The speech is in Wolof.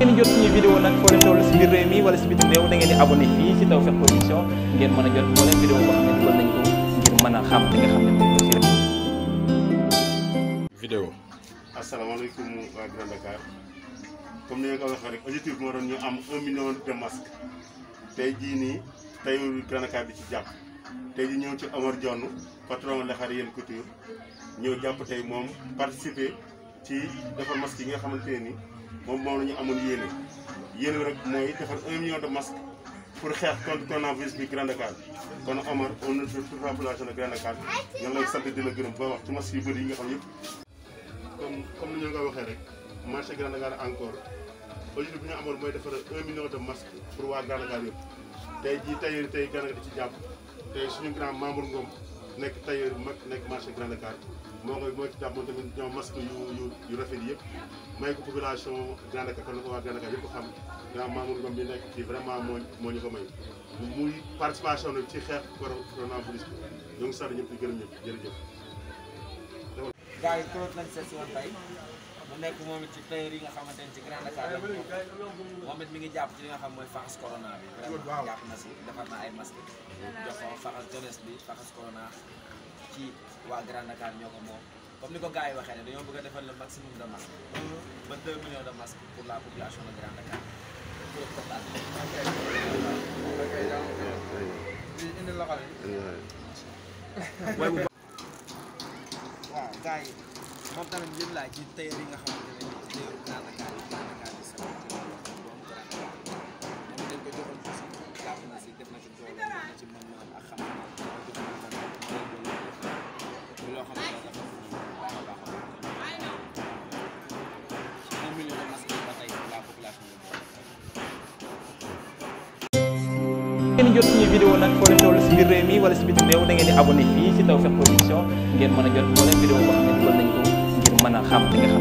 ngeen jot suñu vidéo nag foo leen toll si biir réew mi wala si bitim réew da ngeen di abonné fii si Tawfekh Production ngeen mën a jot moo leen vidéo boo xam ne dugal nañ ko ngir mën a xam li nga xam ne moom la rek. vidéo. asalaamaaleykum waa Grand Dakar comme ni nga ko waxee rek objectif bi moo doon ñu am un million de masques tey jii nii tey Grand Dakar bi ci jàpp tey jii ñëw ci Omar Dione patron Laxar yéen couture ñëw jàpp tey moom participer. ci defar masque yi nga xamante ne ni moom moom la ñu amoon yéene yéene bi rek mooy defar un million de masques pour xeex contre coronavirus bi Grand Dakar kon Omar au nom de toute la population gërëm ba wax ci masques yu bëri yi nga xam yëpp. comme comme ni nga waxee rek marché Grand Dakar encore aujourd'hui bi ñu amoon mooy defar un million de masques pour waa Grand Dakar yëpp tey jii tey tey Grand ci jàpp tey suñu grand membre Ngom. nekk tailleur bu mag nekk marché Grand Dakar moo koy moo ci jàpp moom tamit ñoom yu rafet yëpp may ko population Grand Dakar kon ko waa Grand Dakar yëpp xam nga Mamour Ngom bi nekk ci vraiment moo moo ko may muy participation nag ci xeex coronavirus bi ñoo ngi sant ñëpp di gërëm ñëpp jërëjëf. gars yi nekk moom ci tailleur yi nga xamante ne ci Grand Dakar la moom mi ngi jàpp ci li nga xam mooy faxas corona bi. vraiment jàpp na defar na ay masque jox ko faxas jeunesse bi faxas corona ci waa Grand Dakar ñoo ko moom. comme ni ko gars yi waxee ne dañoo bëgg a defal le maximum de masque ba 2 millions de masques pour la population de Grand Dakar. waaw gars yi. moom tamit ngeen laaj ci tailleur yi nga xamante ne bii ci tailleur naanakaay bi naanakaay bi sama kër yi moom dañ ko joxoon fas jàpp na si def na ci tool na ci mën mën ak xam-xam ak jox na mën mën loo xam ne dafa baax a baax un million de masque ba tey la population bi ngeen jot suñu vidéo nag foo leen toll si biir réew mi wala si bitim réew da ngeen di abonné fii si Tawfekh Production ngeen mën a jot moo leen vidéo boo xam ne dugal nañ ko xam li nga xam